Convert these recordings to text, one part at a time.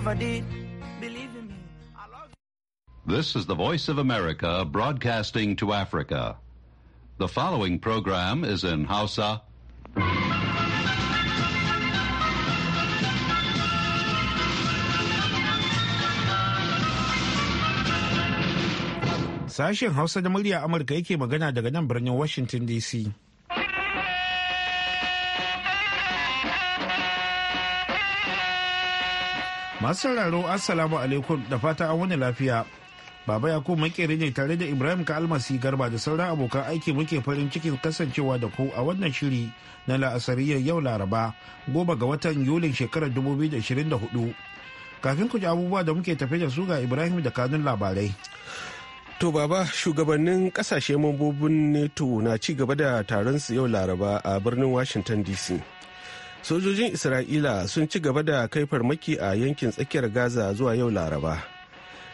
never did. Believe in me. This is the Voice of America broadcasting to Africa. The following program is in Hausa. Sashen Hausa da murya Amurka yake magana daga nan birnin Washington DC. masu sauraro assalamu alaikum da fata an wani lafiya baba ku makeri ne tare da ibrahim ka almasi garba da sauran abokan aiki muke farin cikin kasancewa da ku a wannan shiri na la'asariyar yau laraba goma ga watan yulin shekarar 2024 kafin ku ji abubuwa da muke tafe da su ga ibrahim da kanun labarai To baba shugabannin kasashe mambobin neto na ci gaba da taron su yau laraba a birnin Washington DC. sojojin isra'ila sun ci gaba da kai farmaki a yankin tsakiyar gaza zuwa yau laraba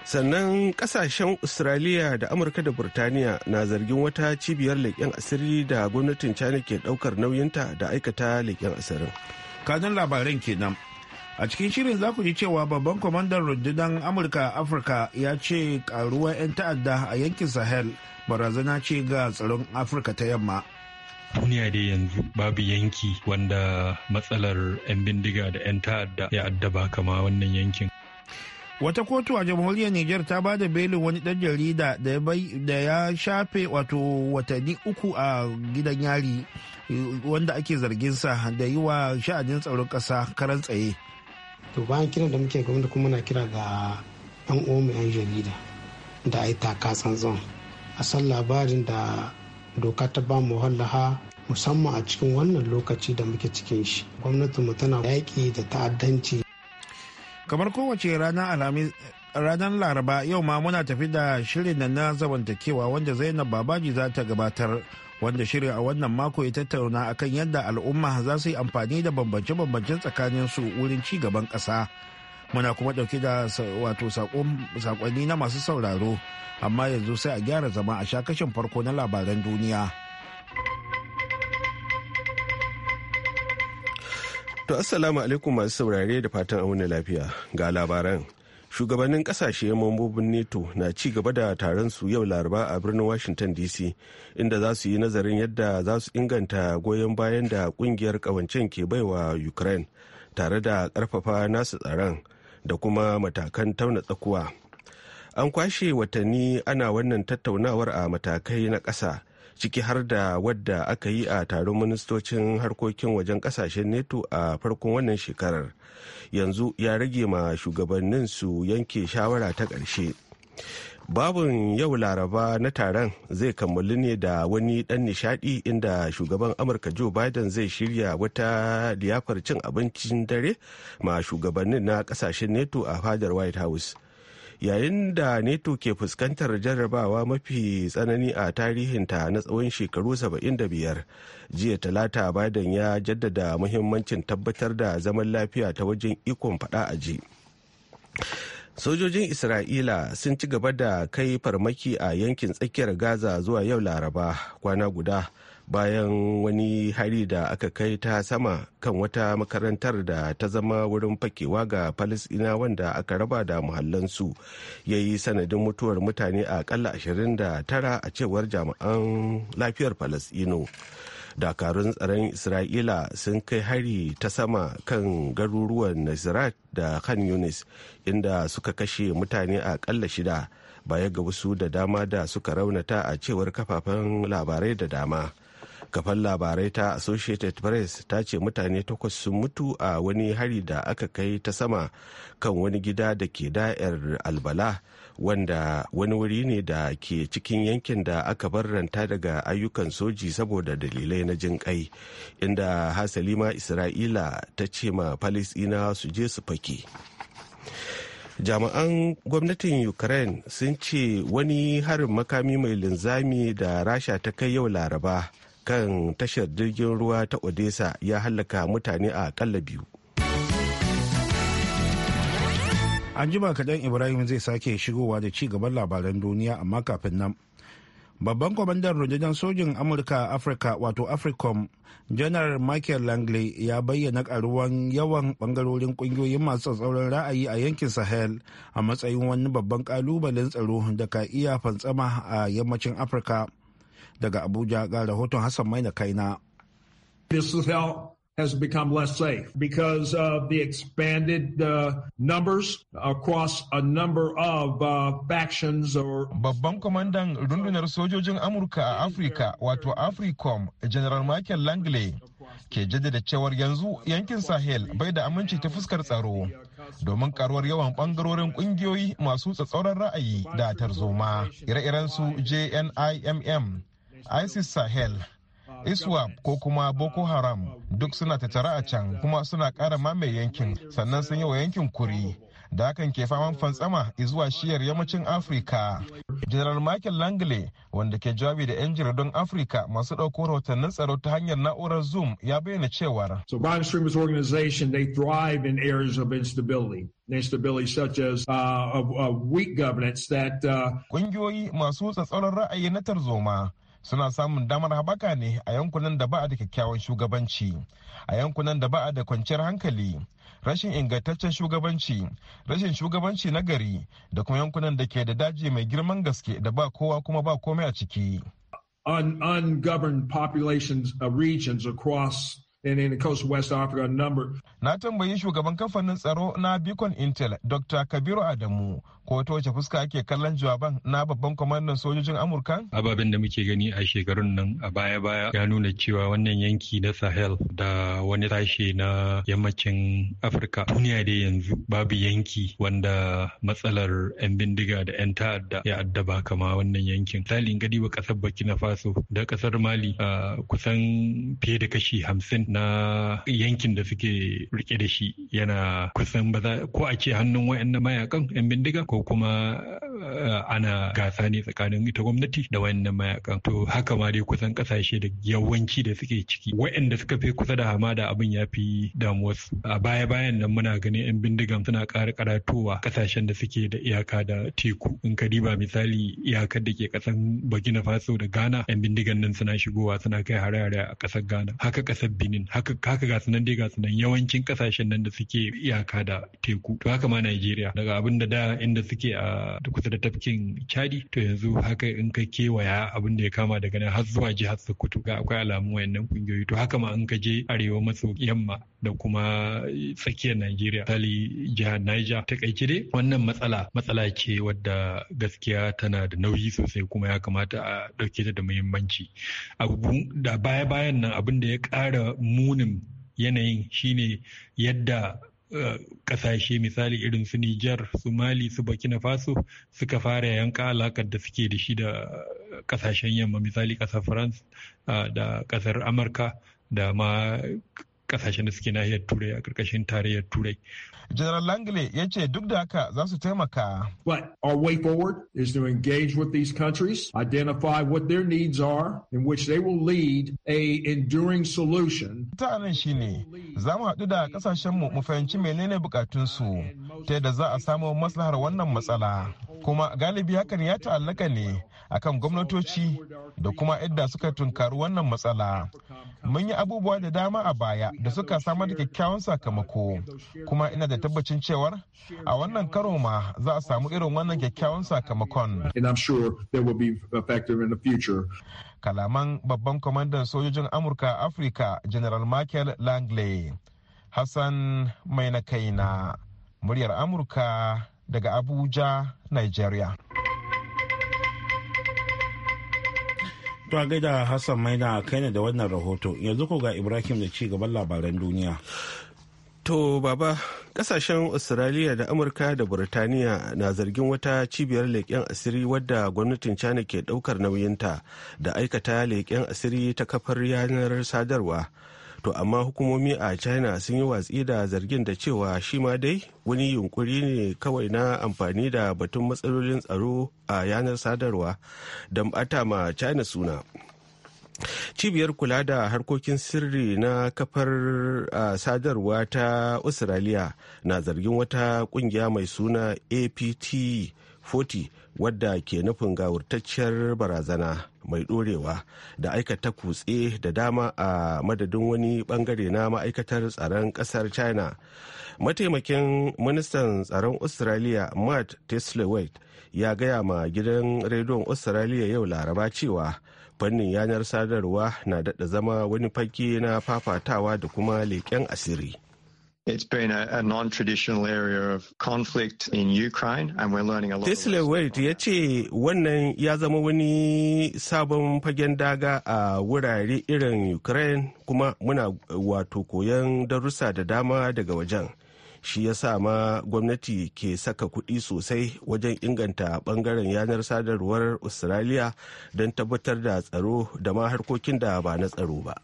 sannan kasashen australia da amurka da burtaniya na zargin wata cibiyar leƙen asiri da gwamnatin china ke ɗaukar nauyinta da aikata leƙen asirin kanun labaran kenan a cikin shirin za ku ji cewa babban kwamandan rundunar amurka afirka ya ce karuwar 'yan ta'adda a yankin sahel barazana ce ga tsaron afirka ta yamma duniya dai yanzu babu yanki wanda matsalar 'yan bindiga da 'yan ta'adda ya addaba kama wannan yankin. wata kotu a jamhuriyar niger ta ba da belin wani dan jarida da ya shafe wato watanni uku a gidan yari wanda ake zarginsa da yi wa sha'adin tsaron kasa karan tsaye to bayan kiran da muke gwamnati kuma na kira ga yan uwanmu yan jarida da a yi takasan a san labarin da doka ta ba mu wallaha musamman a cikin wannan lokaci da muke cikin shi gwamnatin mu tana yaƙi da ta'addanci kamar kowace ranar alami ranar laraba yau ma muna tafi da shirin na zamantakewa wanda zainab babaji za ta gabatar wanda shirin a wannan mako ya tattauna akan yadda al'umma za su yi amfani da bambance-bambancen su wurin ci gaban ƙasa. muna kuma dauke da wato sakonni na masu sauraro amma yanzu sai a gyara zama a sha kashin farko na labaran duniya to assalamu alaikum masu saurare da fatan auna lafiya ga labaran shugabannin kasashe mambobin neto na ci gaba da taron su yau laraba a birnin washington dc inda za su yi nazarin yadda za su inganta goyon bayan da kungiyar kawancen ke baiwa ukraine tare da karfafa nasu tsaron da kuma matakan tauna tsakuwa an kwashe watanni ana wannan tattaunawar a matakai na ƙasa ciki har da wadda aka yi a taron ministocin harkokin wajen kasashen neto a farkon wannan shekarar yanzu ya rage ma shugabannin su yanke shawara ta ƙarshe babin yau laraba na taron zai kammalu ne da wani dan nishadi inda shugaban amurka joe biden zai shirya wata liyafar cin abincin dare ma shugabannin na kasashen neto a fadar white house yayin da neto ke fuskantar jarrabawa mafi tsanani a tarihinta na tsawon shekaru 75 jiya talata biden ya jaddada muhimmancin tabbatar da zaman lafiya ta wajen ikon fada a ji sojojin isra'ila sun ci gaba da kai farmaki a yankin tsakiyar gaza zuwa yau laraba kwana guda bayan wani hari da aka kai ta sama kan wata makarantar da ta zama wurin fakewa ga falisina wanda aka raba da muhallansu ya yi sanadin mutuwar mutane a akalla 29 a cewar jami'an lafiyar falasino dakarun tsaron isra'ila sun kai hari ta sama kan garuruwan nazirat da khan yunis inda suka kashe mutane a kalla shida baya ga wasu da dama da suka raunata a cewar kafafen labarai da dama kafan labarai ta associated press ta ce mutane takwas sun mutu a wani hari da aka kai ta sama kan wani gida da ke da'ar albala wanda wani wuri ne da ke cikin yankin da aka bar ranta daga ayyukan soji saboda dalilai na jin kai inda hasali ma isra'ila ta ce ma palestina su je su fake jami'an gwamnatin ukraine sun ce wani harin makami mai linzami da rasha ta kai yau laraba kan tashar jirgin ruwa ta odessa ya hallaka mutane a akalla biyu An jima kaɗan Ibrahim zai sake shigowa da ci gaban labaran duniya amma kafin nan. Babban kwamandan rundunar sojin Amurka Afirka wato Africom, Janar Michael Langley ya bayyana karuwan yawan bangarorin kungiyoyin masu tsauran ra'ayi a yankin Sahel a matsayin wani babban kalubalen tsaro da ka iya fantsama a yammacin Afirka. Daga Abuja ga rahoton Hassan Maina Kaina. has become less safe because of the expanded uh, numbers across a number of uh, factions or babban kwamandan rundunar sojojin amurka a afirka wato africom general michael langley ke jaddada cewar yanzu yankin sahel bai da aminci ta fuskar tsaro domin karuwar yawan bangarorin kungiyoyi masu tsatsauran ra'ayi da tarzoma ire-irensu jnimm isis sahel iswap ko kuma boko haram duk suna tattara a can kuma suna kara mamaye yankin sannan sun yi wa yankin kuri da hakan ke faman fantsama zuwa shiyar yammacin afirka general michael langley wanda ke jawabi da 'yan don afirka masu ɗauko rahotannin tsaro ta hanyar na'urar zoom ya bayyana cewar so organization thrive in areas of instability instability uh, kungiyoyi uh, masu tsatsauran ra'ayi na tarzoma suna samun damar habaka ne a yankunan da ba a da kyakkyawan shugabanci a yankunan da ba a da kwanciyar hankali rashin ingantaccen shugabanci rashin shugabanci na gari da kuma yankunan da ke da daji mai girman gaske da ba kowa kuma ba komai a ciki Na tambayi shugaban kamfanin tsaro na Beacon Intel Dr. Kabiru Adamu ko ta wace fuska ake kallon jawaban na babban kwamandan sojojin amurka ababen da muke gani a shekarun nan a baya baya ya nuna cewa wannan yanki na sahel da wani sashe na yammacin afirka duniya dai yanzu babu yanki wanda matsalar 'yan bindiga da 'yan ta'adda ya addaba kama wannan yankin misali in gadi kasar burkina faso da kasar mali a kusan fiye da kashi hamsin na yankin da suke rike da shi yana kusan ba ko a ce hannun wayannan mayakan 'yan bindiga ko ko kuma eh, ana gasa ne tsakanin ita gwamnati da wayannan mayakan to haka ma dai kusan kasashe da yawanci da suke ciki wayanda suka fi kusa da hamada abin ya fi damuwarsu a baya bayan nan muna ganin yan bindigan suna ƙara karatowa kasashen da suke da iyaka da teku in ka diba misali iyakar da ke kasan bagina faso da ghana yan bindigan nan suna shigowa suna kai hare-hare a kasar ghana haka kasar benin haka haka ga sunan dai ga sunan yawancin kasashen nan da suke iyaka da teku to haka ma najeriya daga abin da da inda suke a kusa da tafkin cadi to yanzu haka in ka kewaya abin da ya kama daga nan har zuwa jihar Sokoto ga akwai alamu wayannan kungiyoyi to haka ma in ka je arewa maso yamma da kuma tsakiyar Najeriya misali jihar Niger ta kai dai wannan matsala matsala ce wadda gaskiya tana da nauyi sosai kuma ya kamata a ɗauke ta da muhimmanci da baya-bayan nan abin da ya ƙara munin yanayin shine yadda Eh, kasashe misali irin su Nijar, su Mali, su Burkina Faso suka fara yanka alakar da suke da shi da kasashen yamma misali kasar France eh, da kasar Amurka da ma kasashen da suke nahiyar turai a ƙarƙashin tarayyar turai. general ya ce duk da haka za su taimaka. but our way forward is to engage with these countries identify what their needs are in which they will lead a enduring solution. ta nan za mu haɗu da mu fahimci menene bukatunsu ta yadda za a samu maslahar wannan matsala. kuma galibi hakan ya ta'allaka ne akan gwamnatoci da kuma yadda suka tunkari wannan matsala mun yi abubuwa da dama a baya da suka samar da kyakkyawan sakamako kuma ina da tabbacin cewar a wannan karo ma za a samu irin wannan kyakkyawan sakamakon kalaman babban kwamandan sojojin amurka afirka general michael langley hassan mai na kaina muryar amurka daga Abuja, Nigeria. To a gaida Hassan Maina kai ne da wannan rahoto yanzu ko ga Ibrahim da ci gaban labaran duniya. To baba kasashen Australia da Amurka da Burtaniya na zargin wata cibiyar leƙen asiri wadda gwamnatin China ke ɗaukar nauyinta da aikata leƙen asiri ta kafar yanar sadarwa. to amma hukumomi a china sun yi watsi da zargin da cewa shi ma dai wani yunkuri ne kawai na amfani da batun matsalolin tsaro a yanar sadarwa don bata ma china suna cibiyar kula da harkokin sirri na kafar sadarwa ta australia na zargin wata kungiya mai suna apt 40 wadda ke nufin gawurtacciyar barazana mai dorewa da aikata kutse da dama a madadin wani bangare na ma'aikatar tsaron kasar china mataimakin ministan tsaron australia matt teslewait ya gaya ma gidan rediyon australia yau laraba cewa fannin yanar sadarwa na daɗa zama wani fage na fafatawa da kuma leƙen asiri Tesla Wade ya ce wannan ya zama wani sabon fagen daga a wurare irin Ukraine kuma muna wato koyon darussa da dama daga wajen. Shi ya sa ma gwamnati ke saka kuɗi sosai wajen inganta ɓangaren yanar sadarwar Australia don tabbatar da tsaro da ma harkokin da ba na tsaro ba.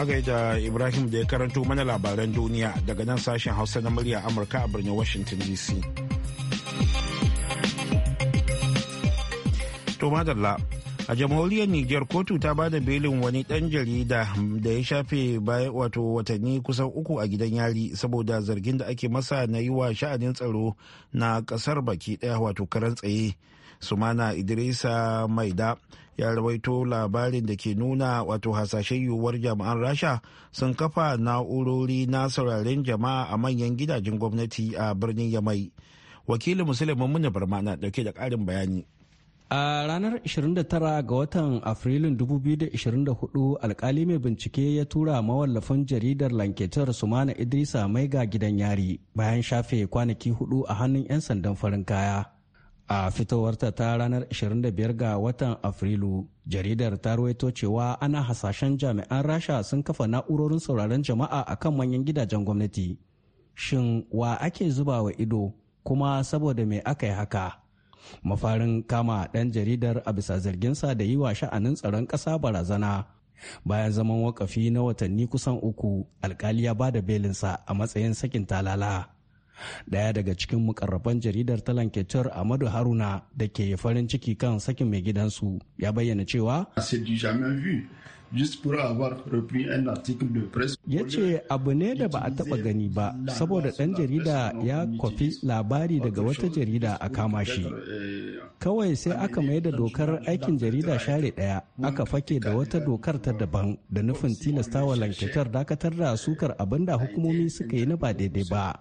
a da Ibrahim da ya karanto mana labaran duniya daga nan sashen Hausa na murya Amurka a birnin Washington DC. To madalla, a jamhuriyar Nijar kotu ta bada belin wani dan jarida da ya shafe bayan wato watanni kusan uku a gidan yari saboda zargin da ake masa na yi wa sha'anin tsaro na kasar baki ɗaya wato karan tsaye. Sumana Idrisa Maida ya rawaito labarin da ke nuna wato hasashen yiwuwar jama'an rasha sun kafa na'urori na sauraren jama'a a manyan gidajen gwamnati a birnin yamai wakilin musulman muni barma na dauke da karin bayani a ranar 29 ga watan afrilun 2024 alkali mai bincike ya tura mawallafin jaridar lanketar sumana idrisa mai ga gidan yari bayan shafe kwanaki hudu a hannun 'yan sandan farin kaya a fitowarta ta ranar 25 ga watan afrilu jaridar ta ruwaito cewa ana hasashen jami'an rasha sun kafa na'urorin sauraron jama'a a kan manyan gidajen gwamnati shin wa ake zuba wa ido kuma saboda mai aka yi haka mafarin kama ɗan jaridar a bisa zarginsa da yi wa sha'anin tsaron ƙasa barazana bayan zaman wakafi na watanni kusan uku alkali ya bada belinsa a matsayin sakin talala Daya daga cikin mukarraban jaridar talanketar Amadu Haruna da ke farin ciki kan sakin mai gidansu ya bayyana cewa. Ah, Ya ce abu ne da ba a taba gani ba saboda ɗan jarida ya kwafi labari daga wata jarida a kama shi. Kawai sai aka mai da dokar aikin jarida share ɗaya aka fake da wata dokar ta daban da nufin tilastawa lankitar dakatar da sukar abinda hukumomi suka yi na ba daidai ba.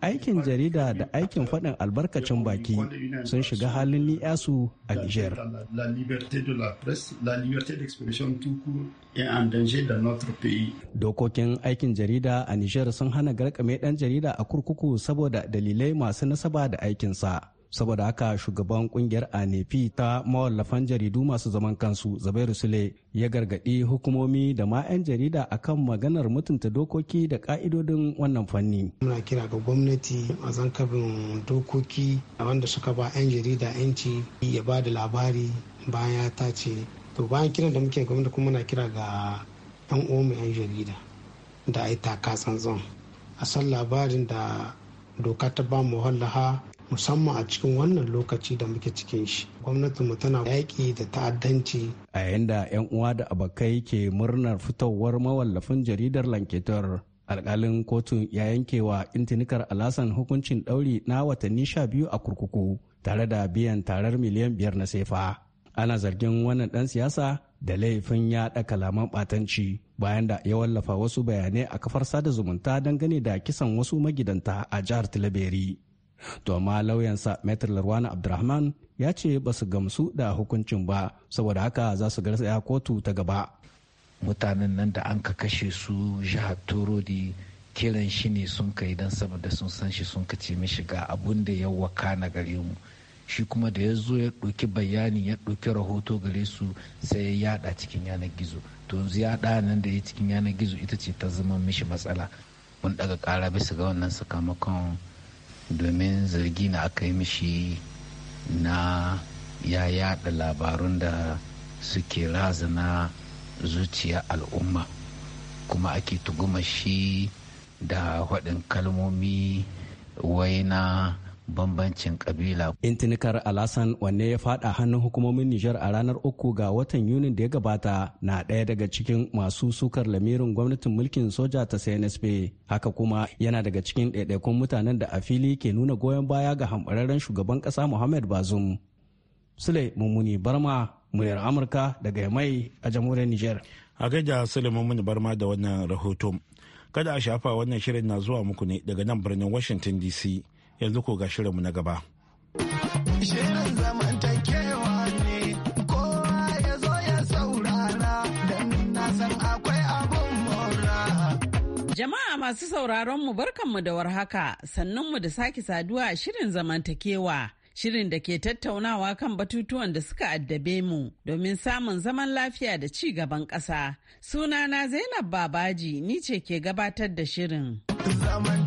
Aikin jarida da aikin faɗin albarkacin baki sun shiga halin ni'asu a Niger. tuku notre pays. Dokokin aikin jarida a Nijar sun hana garkame ɗan jarida a kurkuku saboda dalilai masu nasaba da aikinsa. saboda haka shugaban kungiyar anefi ta mawallafan jaridu masu zaman kansu zabairu sule ya gargaɗi hukumomi da ma 'yan jarida akan maganar mutunta dokoki da ka'idodin wannan fanni muna kira ga gwamnati a zankabin dokoki a wanda suka ba 'yan jarida 'yanci ya ba da labari bayan ya tace to bayan kiran da muke gwamnati kuma muna kira ga yan mu yan jarida da a yi taka tsantsan a san labarin da doka ta ba mu wallaha musamman a cikin wannan lokaci da muke cikin shi mu tana yaƙi da ta'addanci a yayin da 'yan uwa da abokai ke murnar fitowar mawallafin jaridar lanketar alkalin kotun ya yankewa intinikar alasan hukuncin ɗauri na watanni sha biyu a kurkuku tare da biyan tarar miliyan biyar na sefa ana zargin wannan ɗan siyasa da laifin yaɗa kalaman ɓatanci bayan da ya wallafa wasu bayanai a kafar sada zumunta dangane da kisan wasu magidanta a jihar tilaberi to amma lauyansa metr larwana abdurrahman ya ce ba su gamsu da hukuncin ba saboda haka za su garzaya kotu ta gaba mutanen nan da an ka kashe su jihar turodi kiran shi ne sun kai don saboda sun san shi sun kace mishi ga abun da ya waka na gare mu shi kuma da ya zo ya ɗauki bayani ya ɗauki rahoto gare su sai ya yada cikin yanar gizo to yanzu yada nan da ya cikin yanar gizo ita ce ta zama mishi matsala mun daga kara bisa ga wannan sakamakon domin zargi na aka yi mishi na ya yada labarun da suke razana zuciya al'umma kuma ake tuguma shi da waɗin kalmomi waina. bambancin kabila. Intinikar Alasan wanne ya fada hannun hukumomin Nijar a ranar uku ga watan Yunin da ya gabata na ɗaya daga cikin masu sukar lamirin gwamnatin mulkin soja ta CNSP. Haka kuma yana daga cikin ɗaiɗaikun mutanen da a fili ke nuna goyon baya ga hamɓararren shugaban ƙasa Muhammad Bazoum. Sule Mummuni Barma, muryar Amurka daga Yamai a jamhuriyar Nijar. A gaida Sule Mummuni Barma da wannan rahoto. Kada a shafa wannan shirin na zuwa muku ne daga nan birnin Washington DC. yanzu ko ga shirinmu na gaba. Shirin zamantakewa ne kowa ya saurara Jama'a masu sauraron mu barkanmu da warhaka sannan mu da sake saduwa a shirin zamantakewa. Shirin da ke tattaunawa kan batutuwan da suka addabe mu domin samun zaman lafiya da ci gaban ƙasa. Sunana Zainab Babaji ni ce ke gabatar da shirin. Zaman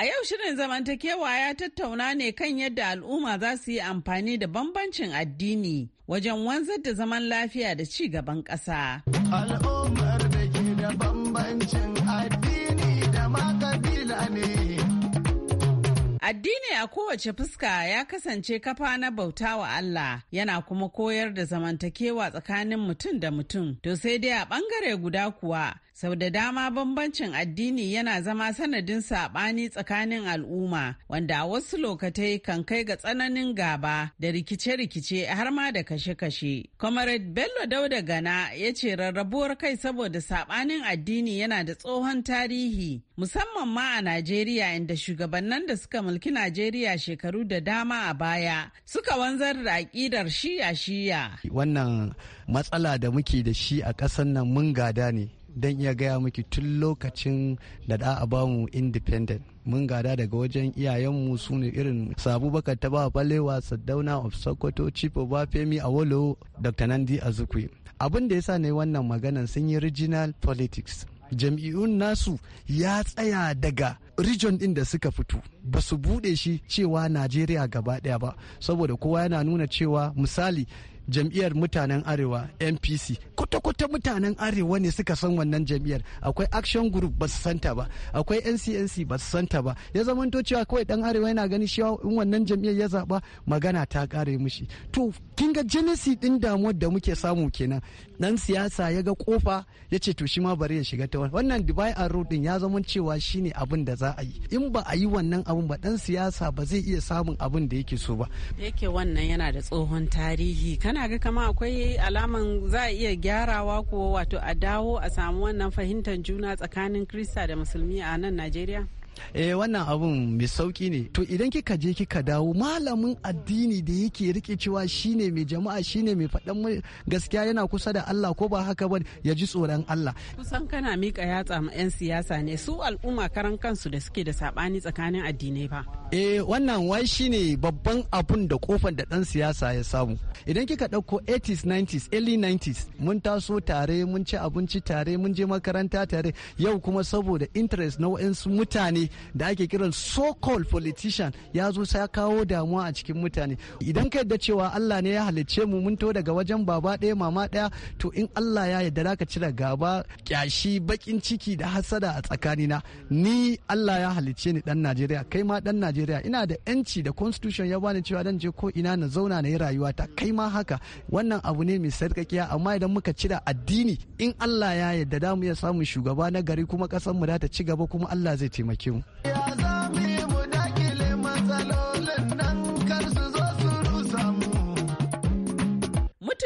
A yau shirin zamantakewa ya tattauna ne kan yadda al'umma za su yi amfani da bambancin addini wajen wanzar da zaman lafiya da ci gaban ƙasa. Al'ummar da ke da bambancin addini da ma ne. Addini a kowace fuska ya kasance kafa na bauta wa Allah yana kuma koyar da zamantakewa tsakanin mutum da mutum. To sai dai a ɓangare guda kuwa sau da dama bambancin addini yana zama sanadin saɓani tsakanin al'umma wanda a wasu lokatai kan kai ga tsananin gaba da rikice-rikice har ma da kashe-kashe. Comrade Bello Dauda Gana ya ce rarrabuwar kai saboda saɓanin addini yana da tsohon tarihi musamman ma a Najeriya inda shugabannin da suka mulki Najeriya shekaru da dama a baya suka wanzar da aƙidar shiya-shiya. Wannan matsala da muke da shi a ƙasar nan mun gada ne. dan iya gaya miki tun lokacin da da a bamu independent mun gada daga wajen iyayenmu su ne irin sabu baka ta ba balewa sadauna of sokoto chief of a wolo dr nandi azukwe abin da yasa ne wannan maganan sun yi regional politics jam'iyyun nasu ya tsaya daga region din da suka fito ba su bude shi cewa najeriya gaba daya ba saboda kowa yana nuna cewa misali jam'iyyar mutanen arewa npc kwata-kwata mutanen arewa ne suka san wannan jam'iyyar akwai action group ba su santa ba akwai ncnc ba su santa ba ya zama to cewa kawai dan arewa yana gani shi in wannan jam'iyyar ya zaba magana ta kare mushi to kin ga genesis din damuwar da muke samu kenan dan siyasa ya ga kofa ya ce to shi ma bari ya shiga ta wannan dubai a road din ya zama cewa shine abin da za a yi in ba a yi wannan abin ba dan siyasa ba zai iya samun abin da yake so ba yake wannan yana da tsohon tarihi kuna ga kama akwai alaman za a iya gyarawa ko wato a dawo a samu wannan fahimtar juna tsakanin krista da musulmi a nan najeriya e wannan abun mai sauki ne to idan kika je kika dawo malamin addini da yake rike cewa shine mai jama'a shine mai faɗan gaskiya yana kusa da Allah ko ba haka ba ya ji tsoron Allah kusan kana mika yatsa ma yan siyasa ne su al'umma karan kansu da suke da saɓani tsakanin addinai ba eh wannan wai shine babban abun da kofar da ɗan siyasa ya samu idan kika ɗauko 80s 90s early 90s mun taso tare mun ci abinci tare mun je makaranta tare yau kuma saboda interest na wa'ansu mutane ne da ake kiran so called politician ya zo sai kawo damuwa a cikin mutane idan ka yadda cewa Allah ne ya halicce mu mun to daga wajen baba ɗaya mama ɗaya to in Allah ya yarda zaka cire gaba kyashi bakin ciki da hasada a tsakanina ni Allah ya halicce ni dan Najeriya kai ma dan Najeriya ina da yanci da constitution ya bani cewa dan je ko ina na zauna na yi rayuwa ta kai ma haka wannan abu ne mai sarkakiya amma idan muka cire addini in Allah ya yarda da mu ya samu shugaba na gari kuma kasar mu za ta ci gaba kuma Allah zai taimake Thank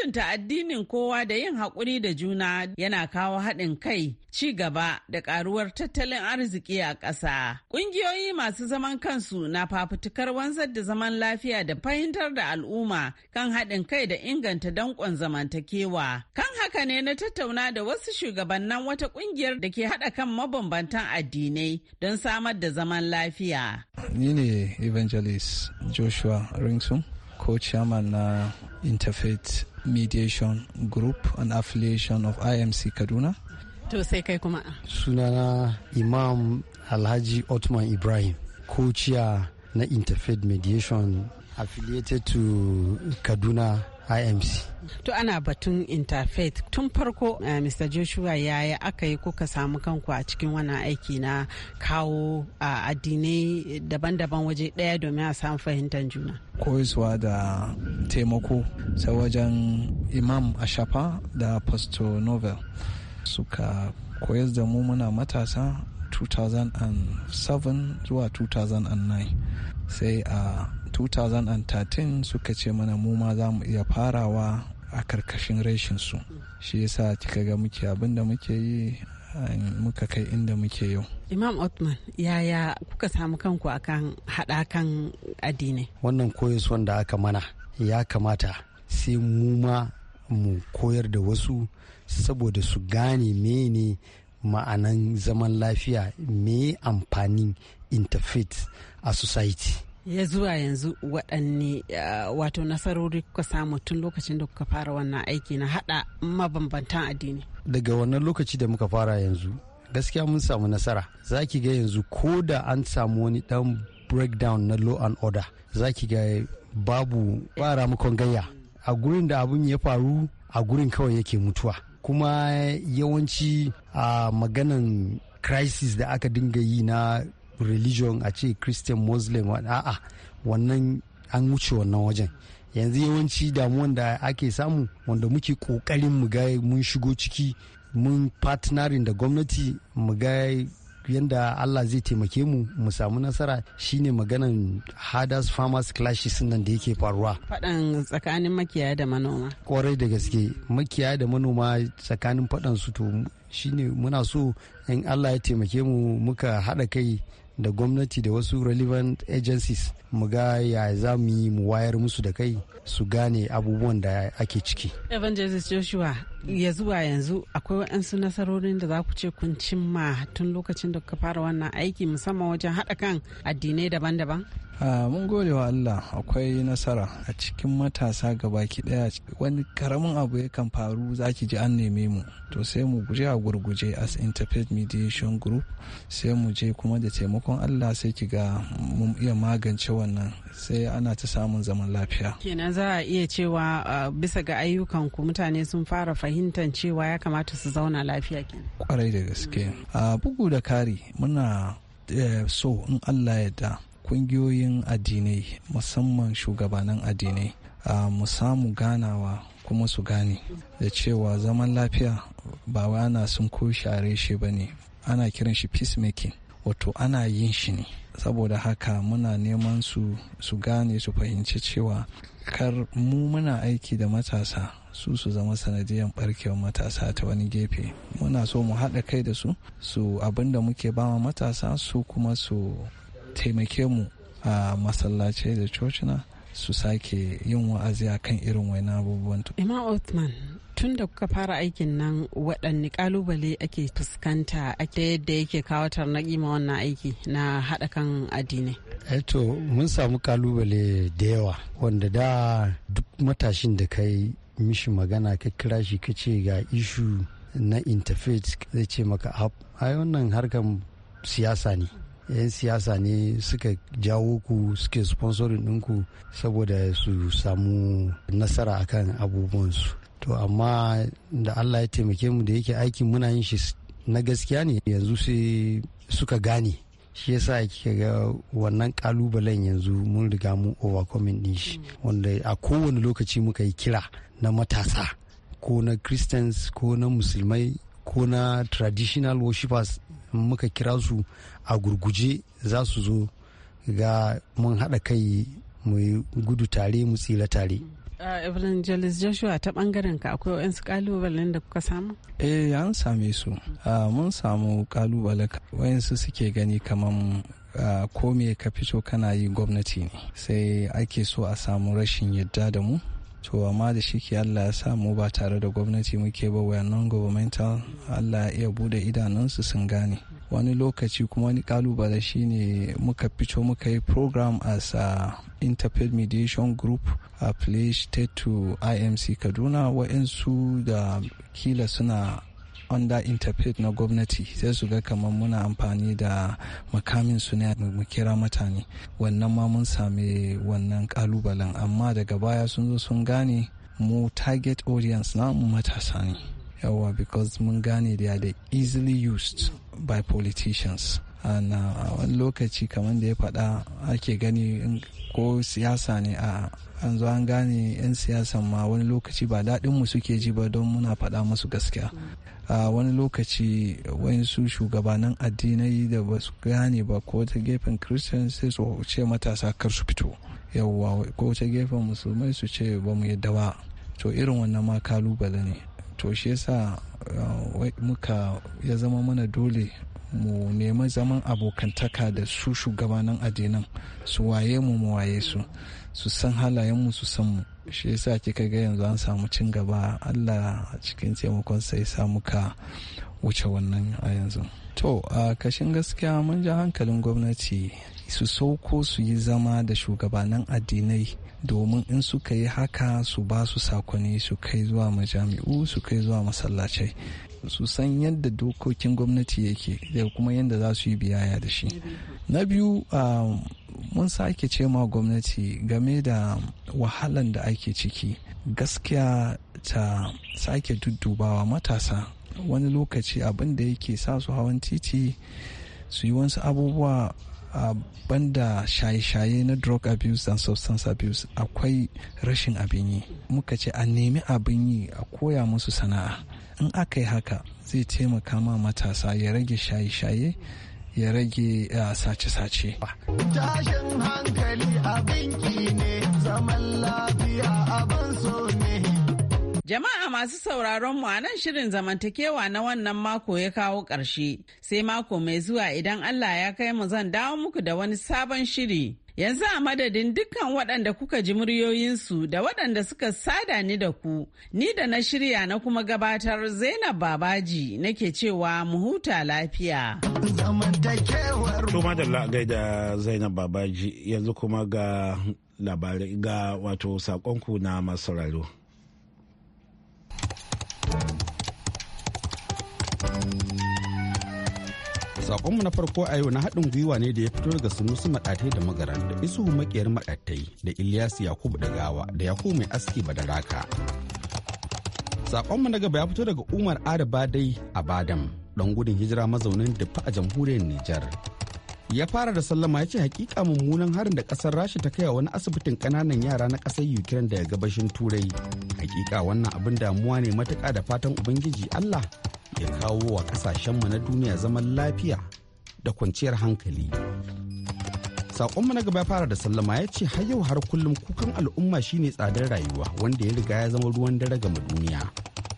Mutunta addinin kowa da yin haƙuri da juna yana kawo haɗin kai, ci gaba da ƙaruwar tattalin arziki a ƙasa. Ƙungiyoyi masu zaman kansu na fafutukar wanzar da zaman lafiya da fahimtar da al'umma kan haɗin kai da inganta danƙon zamantakewa. Kan haka ne na tattauna da wasu shugabannin wata ƙungiyar da ke haɗa kan mabambantan addinai don samar da zaman lafiya. Ni ne Evangelist Joshua Ringson, ko chairman na Interfaith mediation group and affiliation of imc kaduna to sai kai kuma sunana imam alhaji otman ibrahim kociya na interfaith mediation affiliated to kaduna imc to ana batun interfaith tun farko uh, mr joshua yi aka yi kuka samu kanku a cikin wannan aiki na kawo a uh, addinai daban-daban waje ɗaya domin a samu fahimtar juna koyiswa da taimako sai wajen imam ashafa da pastor novel suka koyar da mu muna matasa 2007 zuwa 2009 sai a 2013 suka ce mana mu ma za mu iya farawa a karkashin reshin su shi yasa kika ga muke abin da muke yi eh, muka kai inda muke yau imam otman yaya kuka samu kanku akan kan addinai wannan koyas wanda aka mana ya kamata sai mu ma mu koyar da wasu saboda su gane mene ma'anan zaman lafiya me amfanin interfaith a society ya zuwa yanzu waɗanne eh, wato nasarori kuka samu tun lokacin da kuka fara wannan aiki na haɗa mabambantan addini daga wannan lokaci da muka fara yanzu gaskiya mun samu nasara za ki ga yanzu ko da an samu wani ɗan breakdown na law and order za ki ga babu bara makon gayya a gurin da abun ya faru a gurin kawai yake mutuwa kuma yawanci a ah, maganan crisis da aka dinga yi na religion a ce christian muslim a'a wannan an wuce wannan wajen yanzu yawanci damuwan da ake samu wanda muke kokarin mu ga mun shigo ciki mun partnerin da gwamnati mu ga yadda Allah zai taimake mu mu samu nasara shine maganan hadas farmers clashes nan da yake faruwa fadan tsakanin makiyaya da manoma kwarai da gaske makiyaya da manoma tsakanin fadan su to shine muna so in Allah ya taimake mu muka haɗa kai da gwamnati da wasu relevant agencies mu ga ya za mu yi mu wayar musu da kai su gane abubuwan da ake ciki. Evangelist Joshua ya zuwa yanzu akwai waɗansu nasarorin da za ku ce kun cimma tun lokacin da ka fara wannan aiki musamman wajen haɗa kan addinai daban-daban? mun gode wa Allah akwai nasara a cikin matasa baki daya wani karamin abu yakan faru za ki ji an neme mu to sai mu guje a gurguje as interfaith mediation group sai mu je kuma da taimako taimakon allah sai ki ga mun iya magance wannan sai ana ta samun zaman lafiya kenan za a iya cewa bisa ga ayyukan ku mutane sun fara fahimtar cewa ya kamata su zauna lafiya kenan kwarai da gaske a bugu da kari muna eh, so in allah ya da kungiyoyin addinai musamman shugabanin addinai mu samu ganawa kuma su gane da cewa zaman lafiya ba wai ana sun ko share shi ba ne ana kiran shi peacemaking wato ana yin shi ne saboda haka muna neman su su gane su fahimci cewa kar mu muna aiki da matasa su su zama sanadiyan barkewar matasa ta wani gefe muna so mu haɗa kai da su su abinda muke bawa matasa su kuma su taimake mu a masallacai da cocina su sake yin wa'azi kan irin wani abubuwan. Imam Othman tun da kuka fara aikin nan waɗanne kalubale ake fuskanta a yadda yake kawo na ma wannan aiki na haɗa kan addini. eto eh mun samu kalubale da yawa wanda da duk matashin da ka yi mishi magana ka kira shi ka ce ga ishu na interfaith zai ce maka a wannan harkar siyasa ne 'yan siyasa ne suka jawo ku suke sponsorin ɗinku saboda su samu nasara akan abubuwansu to amma da allah ya taimake mu da yake aikin muna yin shi na gaskiya ne yanzu sai suka gane shi yasa kika ga wannan kalubalen yanzu mun riga mu overcoming din shi wanda a kowane lokaci muka yi kira na matasa ko na christians ko na musulmai ko na traditional worshipers muka kira su a gurguje za su zo ga mun haɗa kai mu gudu tare mu tsira tare evangelist joshua ta bangaren ka akwai wa'yansu kalubalen da kuka samu eh an same su mun samu kalubale wa'yansu suke gani kamar Uh, ko me ka fito kana yi gwamnati ne sai ake so a samu rashin yadda da mu to amma da shi ke allah ya samu ba tare da gwamnati muke ba wayan non governmental allah ya iya bude idanunsu sun gane wani lokaci kuma wani kalubale ne muka fito muka yi program as a interfaith mediation group a affiliated to imc kaduna wa'insu da kila suna under interpret na gwamnati sai su ga kamar muna amfani da makamin su ne mu kira mutane wannan ma mun sami wannan kalubalen amma daga baya sun zo sun gane mu target audience na mu matasa ne yawa because mun gane they are the easily used by politicians and uh, wani lokaci kamar da ya faɗa ake gani ko siyasa ne a an zo an gane 'yan siyasan ma wani lokaci ba daɗin daɗinmu suke ji ba don muna faɗa masu gaskiya a wani lokaci su shugabannin addinai da ba su gane ba ko ta gefen christian sai su ce matasa kar su fito yawwa ko ta gefen musulmai su ce ba mu yadda ba to irin wannan ma kalubale ne to shi yasa uh, muka ya zama mana dole mu nemi zaman abokantaka da su shugabanin addinan su waye mu mu waye su su san mu su san mu shi yasa kika ga yanzu an samu cin gaba allah cikin taimakon sai sa muka wuce wannan a yanzu to a kashin gaskiya mun ja hankalin gwamnati su sauko su yi zama da shugabanin addinai domin in suka yi haka su ba su sakonni su kai zuwa majami'u su kai zuwa masallacai su san yadda dokokin gwamnati yake da kuma yadda za su yi biyaya da shi na biyu um, mun sake ce ma gwamnati game da wahalan da ake ciki gaskiya ta sake duddubawa matasa wani lokaci abin da yake sa su hawan titi su yi wasu abubuwa banda shaye-shaye na drug abuse and substance abuse akwai rashin abin yi muka ce a nemi abin yi a koya musu sana'a in aka yi haka zai taimaka ma matasa ya rage shaye-shaye ya rage sace-sace tashin hankali abinki ne zaman lafiya abin so Jama'a masu sauraron mu a nan shirin zamantakewa na wannan mako ya kawo ƙarshe, sai mako mai zuwa idan Allah ya kai mu zan dawo muku da wani sabon shiri. Yanzu a madadin dukkan waɗanda kuka ji muryoyinsu da waɗanda suka sada ni da ku, ni da na shirya na kuma gabatar Zainab Babaji nake cewa mu huta lafiya. Tuma da Zainab Babaji yanzu kuma ga labarai ga wato saƙonku na masu Sakonmu na farko a yau na haɗin gwiwa ne da ya fito daga sunusu maɗatai da magaran da isu makiyar maɗatai da Ilyasu Yakubu da gawa da Yakubu mai aski ba da badaraka. Saƙonmu na gaba ya fito daga Umar adaba dai a Badam ɗan gudun hijira mazaunin Dufa a jamhuriyar Nijar. Ya fara da sallama ya ce hakika mummunan harin da ƙasar Rasha ta kai wani asibitin ƙananan yara na ƙasar Ukraine daga gabashin Turai. Hakika wannan abin damuwa ne matuƙa da fatan Ubangiji Allah ya kawo wa kasashenmu na duniya zaman lafiya da kwanciyar hankali. Saƙonmu na gaba ya fara da sallama ya ce har yau har kullum kukan al'umma shine tsadar rayuwa wanda ya riga ya zama ruwan dare ga duniya.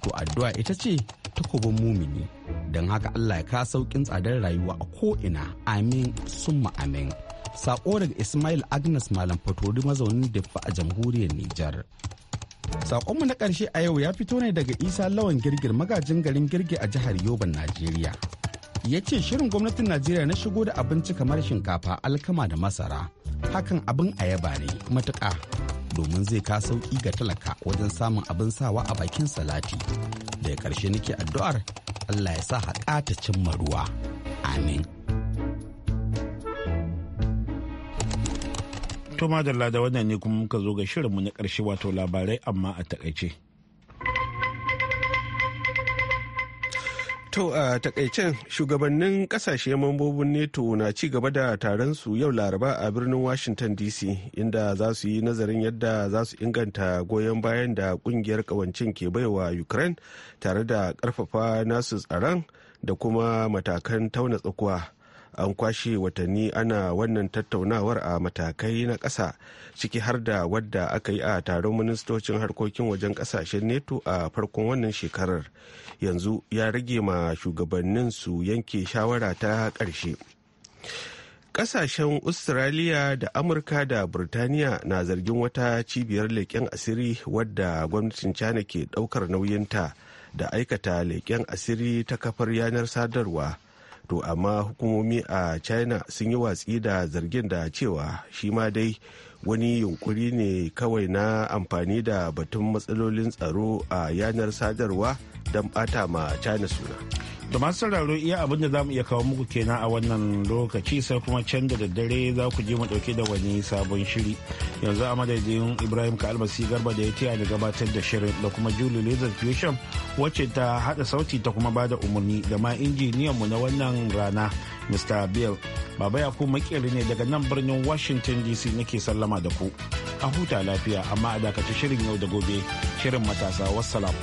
To addu'a ita ce takobin mumini. Don haka Allah ya ka sauƙin tsadar rayuwa a ko'ina amin summa amin. Saƙo daga Ismail Agnes Malam Fatori mazaunin Diffa a jamhuriyar Nijar. Saƙonmu na ƙarshe a yau ya fito ne daga Isa Lawan Girgir magajin garin Girgi a jihar Yoban, Najeriya. Ya ce shirin gwamnatin Najeriya na shigo da abinci kamar shinkafa, alkama da masara. Hakan abin ayaba ne matuƙa domin zai ka sauƙi ga talaka wajen samun abin sawa a bakin salati. Da Daga ƙarshe nake addu'ar Allah ya sa haƙa ta cimma ruwa. Amin. To madalla da wannan ne kuma muka zo ga shirinmu na ƙarshe wato labarai amma a takaice. To a takaicen shugabannin kasashe mambobin NATO na ci gaba da taron su yau laraba a birnin Washington DC inda za su yi nazarin yadda za su inganta goyon bayan da kungiyar kawancin ke baiwa Ukraine tare da karfafa nasu tsaron da kuma matakan tauna tsakuwa. an kwashe watanni ana wannan tattaunawar a matakai na ƙasa ciki har da wadda aka yi a taron ministocin harkokin wajen ƙasashen neto a farkon wannan shekarar yanzu ya rage ma shugabannin su yanke shawara ta ƙarshe ƙasashen australia da amurka da burtaniya na zargin wata cibiyar leƙen asiri wadda gwamnatin china ke ɗaukar nauyinta da aikata leƙen asiri ta kafar yanar sadarwa to amma hukumomi a china sun yi watsi da zargin da cewa shi ma dai wani yunkuri ne kawai na amfani da batun matsalolin tsaro a yanar sadarwa don bata ma china suna da masu sauraro iya abin da za mu iya kawo muku kenan a wannan lokaci sai kuma can da daddare za ku je mu dauke da wani sabon shiri yanzu a madadin ibrahim ka almasi garba da ya taya ni gabatar da shirin da kuma julie lizard fusion wacce ta hada sauti ta kuma bada umarni da ma injiniyan mu na wannan rana mr bill baba ya ku makeri ne daga nan birnin washington dc nake sallama da ku a huta lafiya amma a dakaci shirin yau da gobe shirin matasa wassalam